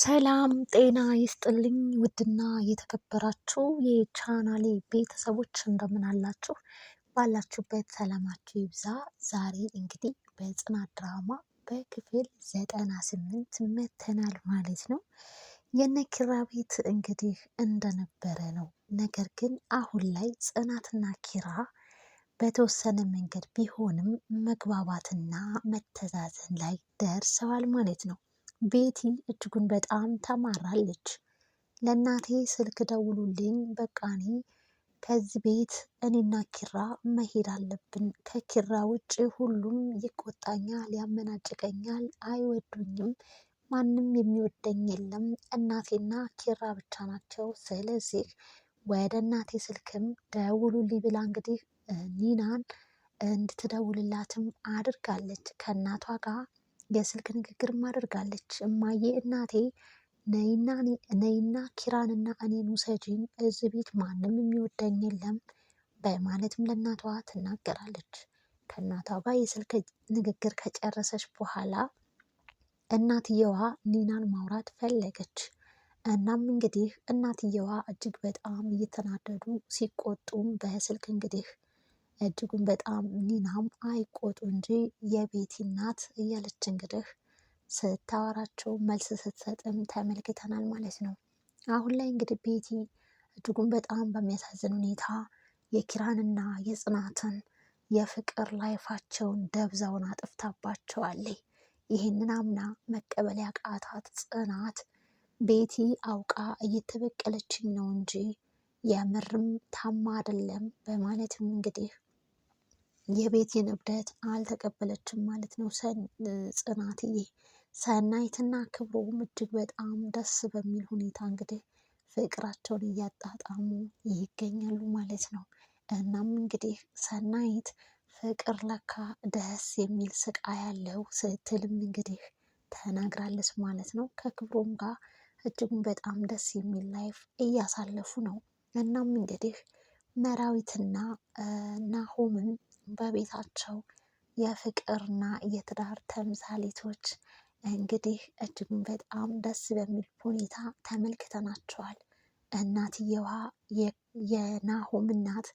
ሰላም ጤና ይስጥልኝ ውድና የተከበራችሁ የቻናሌ ቤተሰቦች እንደምን አላችሁ? ባላችሁበት ሰላማችሁ ይብዛ። ዛሬ እንግዲህ በጽናት ድራማ በክፍል ዘጠና ስምንት መተናል ማለት ነው። ኪራ ቤት እንግዲህ እንደነበረ ነው። ነገር ግን አሁን ላይ ጽናትና ኪራ በተወሰነ መንገድ ቢሆንም መግባባትና መተዛዘን ላይ ደርሰዋል ማለት ነው። ቤቲ እጅጉን በጣም ተማራለች። ለእናቴ ስልክ ደውሉልኝ፣ በቃ እኔ ከዚህ ቤት እኔና ኪራ መሄድ አለብን። ከኪራ ውጭ ሁሉም ይቆጣኛል፣ ያመናጭቀኛል፣ አይወዱኝም። ማንም የሚወደኝ የለም፣ እናቴና ኪራ ብቻ ናቸው። ስለዚህ ወደ እናቴ ስልክም ደውሉልኝ ብላ እንግዲህ ኒናን እንድትደውልላትም አድርጋለች ከእናቷ ጋር የስልክ ንግግር አድርጋለች። እማዬ እናቴ ነይና ነይና ኪራንና እኔን ውሰጂኝ እዚህ ቤት ማንም የሚወደኝ የለም በማለትም ለእናቷ ትናገራለች። ከእናቷ ጋር የስልክ ንግግር ከጨረሰች በኋላ እናትየዋ ኒናን ማውራት ፈለገች። እናም እንግዲህ እናትየዋ እጅግ በጣም እየተናደዱ ሲቆጡም በስልክ እንግዲህ እጅጉን በጣም ኒናም አይቆጡ እንጂ የቤቲ እናት እያለች እንግዲህ ስታወራቸው መልስ ስትሰጥም ተመልክተናል ማለት ነው። አሁን ላይ እንግዲህ ቤቲ እጅጉን በጣም በሚያሳዝን ሁኔታ የኪራንና የጽናትን የፍቅር ላይፋቸውን ደብዛውን አጥፍታባቸዋለች። ይህንን አምና መቀበል ያቃታት ጽናት ቤቲ አውቃ እየተበቀለችኝ ነው እንጂ የምርም ታማ አይደለም በማለትም እንግዲህ የቤቴን እብደት አልተቀበለችም ማለት ነው። ጽናትዬ ሰናይትና ክብሮም እጅግ በጣም ደስ በሚል ሁኔታ እንግዲህ ፍቅራቸውን እያጣጣሙ ይገኛሉ ማለት ነው። እናም እንግዲህ ሰናይት ፍቅር ለካ ደስ የሚል ስቃይ ያለው ስትልም እንግዲህ ተናግራለች ማለት ነው። ከክብሮም ጋር እጅጉን በጣም ደስ የሚል ላይፍ እያሳለፉ ነው። እናም እንግዲህ መራዊትና ናሆምም በቤታቸው የፍቅርና የትዳር ተምሳሌቶች እንግዲህ እጅጉን በጣም ደስ በሚል ሁኔታ ተመልክተናቸዋል። እናትየዋ የናሆም እናት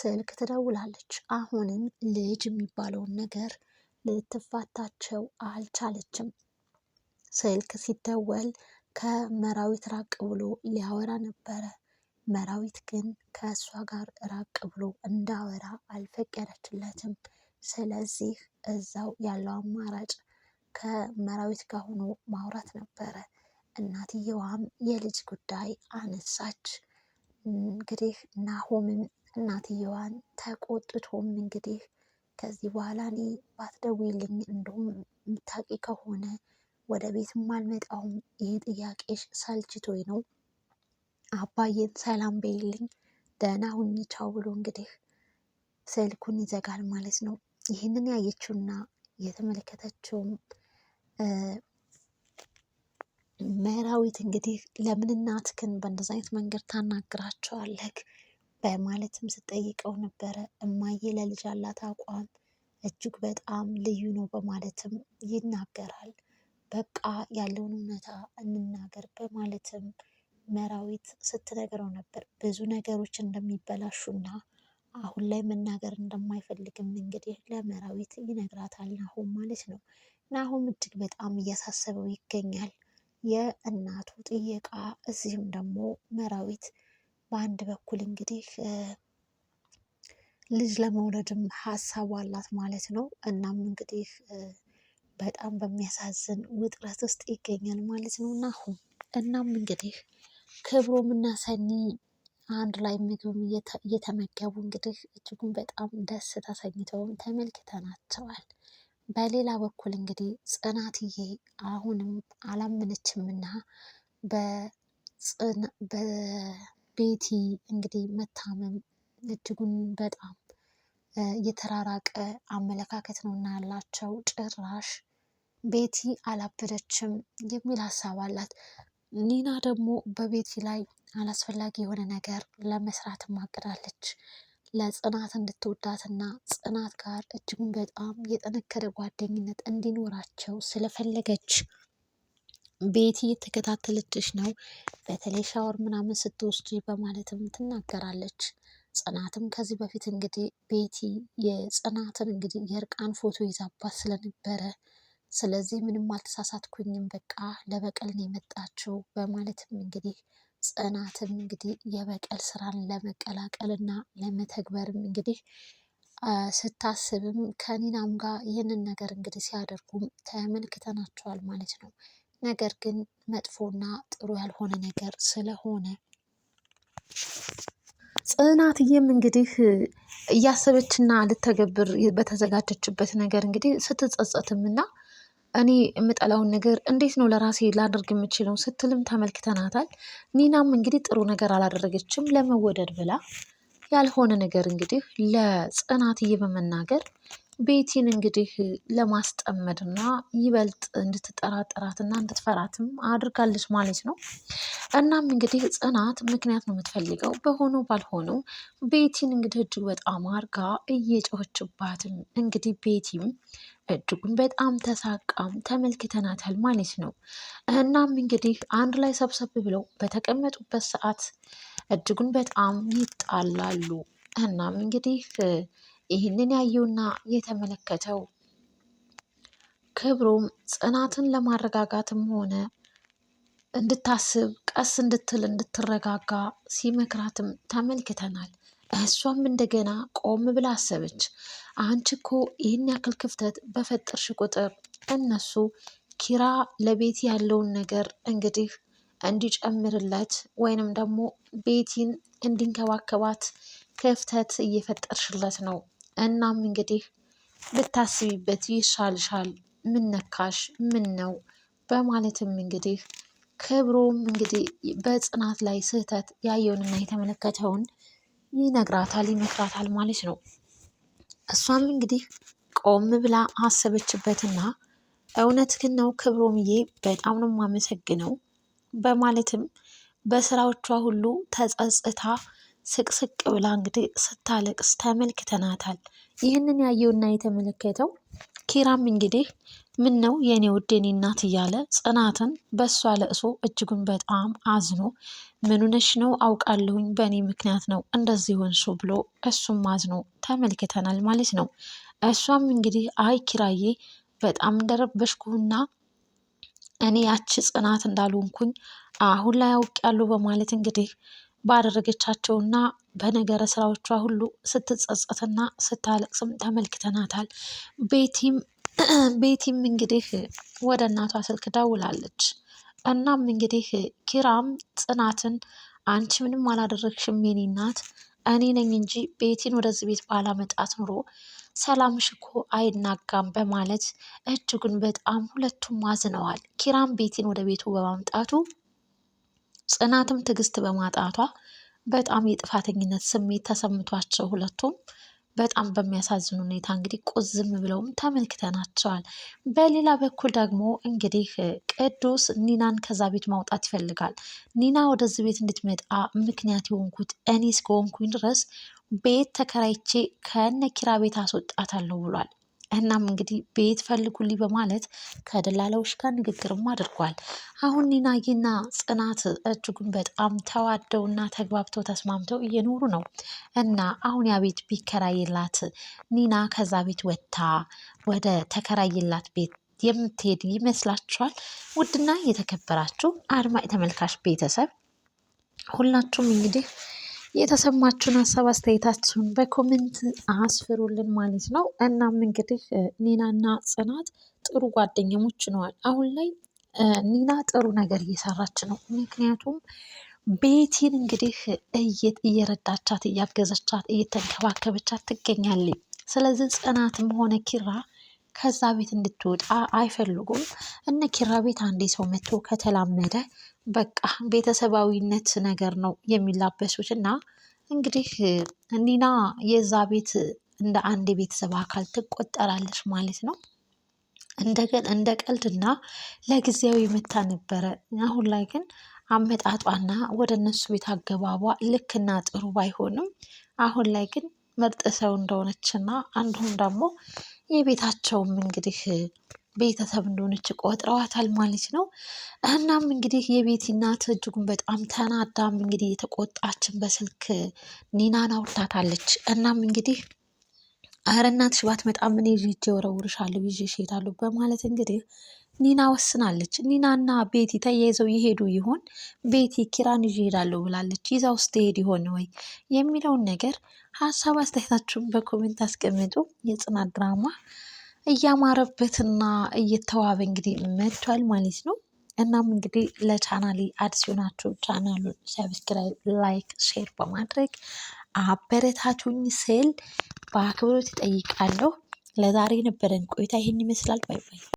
ስልክ ትደውላለች። አሁንም ልጅ የሚባለውን ነገር ልትፋታቸው አልቻለችም። ስልክ ሲደወል ከመራዊት ራቅ ብሎ ሊያወራ ነበረ። መራዊት ግን ከእሷ ጋር ራቅ ብሎ እንዳወራ አልፈቀደችለትም። ስለዚህ እዛው ያለው አማራጭ ከመራዊት ጋር ሆኖ ማውራት ነበረ። እናትየዋም የልጅ ጉዳይ አነሳች። እንግዲህ ናሆምን እናትየዋን ተቆጥቶም እንግዲህ ከዚህ በኋላ እኔ ባትደውይልኝ እንደውም የምታውቂ ከሆነ ወደ ቤትም አልመጣውም፣ ይህ ጥያቄሽ ሰልችቶኝ ነው አባዬን ሰላም በይልኝ ደህና ሁኚ ቻው ብሎ እንግዲህ ስልኩን ይዘጋል ማለት ነው። ይህንን ያየችውና የተመለከተችውም ምዕራዊት እንግዲህ ለምን እናትህን በእንደዚ አይነት መንገድ ታናግራቸዋለህ? በማለትም ስጠይቀው ነበረ። እማዬ ለልጅ አላት አቋም እጅግ በጣም ልዩ ነው በማለትም ይናገራል። በቃ ያለውን እውነታ እንናገር በማለትም መራዊት ስትነግረው ነበር ብዙ ነገሮች እንደሚበላሹና አሁን ላይ መናገር እንደማይፈልግም እንግዲህ ለመራዊት ይነግራታል ናሆም ማለት ነው። ናሆም እጅግ በጣም እያሳሰበው ይገኛል የእናቱ ጥየቃ። እዚህም ደግሞ መራዊት በአንድ በኩል እንግዲህ ልጅ ለመውለድም ሀሳብ አላት ማለት ነው። እናም እንግዲህ በጣም በሚያሳዝን ውጥረት ውስጥ ይገኛል ማለት ነው ናሆም። እናም እንግዲህ ክብሮም እና ሰኒ አንድ ላይ ምግብ እየተመገቡ እንግዲህ እጅጉን በጣም ደስ ተሰኝተውም ተመልክተናቸዋል። በሌላ በኩል እንግዲህ ጽናትዬ አሁንም እና በቤቲ እንግዲህ መታመም እጅጉን በጣም የተራራቀ አመለካከት ነው እና ያላቸው ጭራሽ ቤቲ አላበደችም የሚል ሀሳብ አላት። ኒና ደግሞ በቤቲ ላይ አላስፈላጊ የሆነ ነገር ለመስራት ማቅዳለች። ለጽናት እንድትወዳትና ጽናት ጋር እጅጉን በጣም የጠነከረ ጓደኝነት እንዲኖራቸው ስለፈለገች ቤቲ የተከታተለችሽ ነው፣ በተለይ ሻወር ምናምን ስትወስጂ በማለትም ትናገራለች። ጽናትም ከዚህ በፊት እንግዲህ ቤቲ የጽናትን እንግዲህ የእርቃን ፎቶ ይዛባት ስለነበረ ስለዚህ ምንም አልተሳሳትኩኝም፣ በቃ ለበቀል ነው የመጣችው በማለትም እንግዲህ ጽናትም እንግዲህ የበቀል ስራን ለመቀላቀል እና ለመተግበርም እንግዲህ ስታስብም ከኒናም ጋር ይህንን ነገር እንግዲህ ሲያደርጉም ተመልክተናቸዋል ማለት ነው። ነገር ግን መጥፎና ጥሩ ያልሆነ ነገር ስለሆነ ጽናትዬም እንግዲህ እያሰበችና ልተገብር በተዘጋጀችበት ነገር እንግዲህ ስትጸጸትም እና እኔ የምጠላውን ነገር እንዴት ነው ለራሴ ላደርግ የምችለው ስትልም ተመልክተናታል። ኒናም እንግዲህ ጥሩ ነገር አላደረገችም። ለመወደድ ብላ ያልሆነ ነገር እንግዲህ ለጽናትዬ በመናገር ቤቲን እንግዲህ ለማስጠመድና ይበልጥ እንድትጠራጠራትና እንድትፈራትም አድርጋለች ማለት ነው። እናም እንግዲህ ጽናት ምክንያት ነው የምትፈልገው። በሆኖ ባልሆነው ቤቲን እንግዲህ እጅግ በጣም አርጋ እየጮኸችባትም እንግዲህ ቤቲም እጅጉን በጣም ተሳቃም ተመልክተናታል ማለት ነው። እናም እንግዲህ አንድ ላይ ሰብሰብ ብለው በተቀመጡበት ሰዓት እጅጉን በጣም ይጣላሉ። እናም እንግዲህ ይህንን ያየውና የተመለከተው ክብሩም ጽናትን ለማረጋጋትም ሆነ እንድታስብ ቀስ እንድትል እንድትረጋጋ ሲመክራትም ተመልክተናል። እሷም እንደገና ቆም ብላ አሰበች። አንቺ እኮ ይህን ያክል ክፍተት በፈጠርሽ ቁጥር እነሱ ኪራ ለቤት ያለውን ነገር እንግዲህ እንዲጨምርለት ወይንም ደግሞ ቤቲን እንዲንከባከባት ክፍተት እየፈጠርሽለት ነው። እናም እንግዲህ ብታስቢበት ይሻልሻል። ምን ነካሽ? ምን ነው? በማለትም እንግዲህ ክብሮም እንግዲህ በጽናት ላይ ስህተት ያየውንና የተመለከተውን ይነግራታል፣ ይመክራታል ማለት ነው። እሷም እንግዲህ ቆም ብላ አሰበችበትና ግን ነው ክብሮምዬ፣ በጣም ነው የማመሰግነው በማለትም በስራዎቿ ሁሉ ተጸጽታ ስቅስቅ ብላ እንግዲህ ስታለቅስ ተመልክተናታል። ይህንን ያየውና የተመለከተው ኪራም እንግዲህ ምን ነው የኔ ውዴኔ የኔ እናት እያለ ጽናትን በእሷ ለእሶ እጅጉን በጣም አዝኖ ምኑነሽ ነው አውቃለሁኝ፣ በእኔ ምክንያት ነው እንደዚህ ሆንሽ ብሎ እሱም አዝኖ ተመልክተናል ማለት ነው። እሷም እንግዲህ አይ ኪራዬ በጣም እንደረበሽኩና እኔ ያቺ ጽናት እንዳልሆንኩኝ አሁን ላይ አውቄያለሁ በማለት እንግዲህ ባደረገቻቸውና በነገረ ስራዎቿ ሁሉ ስትጸጸትና ስታለቅስም ተመልክተናታል። ቤቲም ቤቲም እንግዲህ ወደ እናቷ ስልክ ደውላለች። እናም እንግዲህ ኪራም ጽናትን አንቺ ምንም አላደረግሽም የኔ እናት፣ እኔ ነኝ እንጂ ቤቲን ወደዚህ ቤት ባላመጣት ኑሮ ሰላምሽ እኮ አይናጋም በማለት እጅጉን በጣም ሁለቱም አዝነዋል። ኪራም ቤቲን ወደ ቤቱ በማምጣቱ ጽናትም ትዕግስት በማጣቷ በጣም የጥፋተኝነት ስሜት ተሰምቷቸው ሁለቱም በጣም በሚያሳዝን ሁኔታ እንግዲህ ቁዝም ብለውም ተመልክተናቸዋል። በሌላ በኩል ደግሞ እንግዲህ ቅዱስ ኒናን ከዛ ቤት ማውጣት ይፈልጋል። ኒና ወደዚህ ቤት እንድትመጣ ምክንያት የሆንኩት እኔ እስከሆንኩኝ ድረስ ቤት ተከራይቼ ከነኪራ ቤት ቤት አስወጣታለሁ ብሏል። እናም እንግዲህ ቤት ፈልጉልኝ በማለት ከደላላዎች ጋር ንግግርም አድርጓል። አሁን ኒናዬና ጽናት እጅጉን በጣም ተዋደውና ተግባብተው ተስማምተው እየኖሩ ነው እና አሁን ያ ቤት ቢከራይላት ኒና ከዛ ቤት ወጥታ ወደ ተከራይላት ቤት የምትሄድ ይመስላችኋል? ውድና የተከበራችሁ አድማጭ ተመልካች ቤተሰብ ሁላችሁም እንግዲህ የተሰማችሁን ሀሳብ አስተያየታችሁን በኮሜንት አስፍሩልን ማለት ነው። እናም እንግዲህ ኒናና ጽናት ጥሩ ጓደኛሞች ነዋል። አሁን ላይ ኒና ጥሩ ነገር እየሰራች ነው። ምክንያቱም ቤቲን እንግዲህ እየረዳቻት፣ እያገዘቻት፣ እየተንከባከበቻት ትገኛለች። ስለዚህ ጽናትም ሆነ ኪራ ከዛ ቤት እንድትወጣ አይፈልጉም። እነ ኪራ ቤት አንዴ ሰው መጥቶ ከተላመደ በቃ ቤተሰባዊነት ነገር ነው የሚላበሱት እና እንግዲህ እኒና የዛ ቤት እንደ አንድ የቤተሰብ አካል ትቆጠራለች ማለት ነው። እንደ እና ለጊዜያዊ የመታ ነበረ። አሁን ላይ ግን አመጣጧና ወደ እነሱ ቤት አገባቧ ልክና ጥሩ ባይሆንም አሁን ላይ ግን ምርጥ ሰው እና አንዱም ደግሞ የቤታቸውም እንግዲህ ቤተሰብ እንደሆነች ቆጥረዋታል ማለት ነው። እናም እንግዲህ የቤቲ እናት እጅጉን በጣም ተናዳም እንግዲህ የተቆጣችን በስልክ ኒናን አውርታታለች። እናም እንግዲህ ኧረ እናትሽ ባትመጣ እኔ ይዤ እወረውርሻለሁ ይዤሽ እሄዳለሁ በማለት እንግዲህ ኒና ወስናለች። ኒናና ቤቲ ተያይዘው ይሄዱ ይሆን? ቤቲ ኪራን ይዤ እሄዳለሁ ብላለች። ይዛ ውስጥ ትሄድ ይሆን ወይ የሚለውን ነገር ሀሳብ አስተያየታችሁን በኮሜንት አስቀምጡ። የጽናት ድራማ እያማረበትና እየተዋበ እንግዲህ መጥቷል ማለት ነው። እናም እንግዲህ ለቻናሌ አዲስ የሆናችሁ ቻናሉን ሰብስክራይብ፣ ላይክ፣ ሼር በማድረግ አበረታቱኝ ስል በአክብሮት ይጠይቃለሁ ለዛሬ የነበረን ቆይታ ይህን ይመስላል። ባይ ባይ።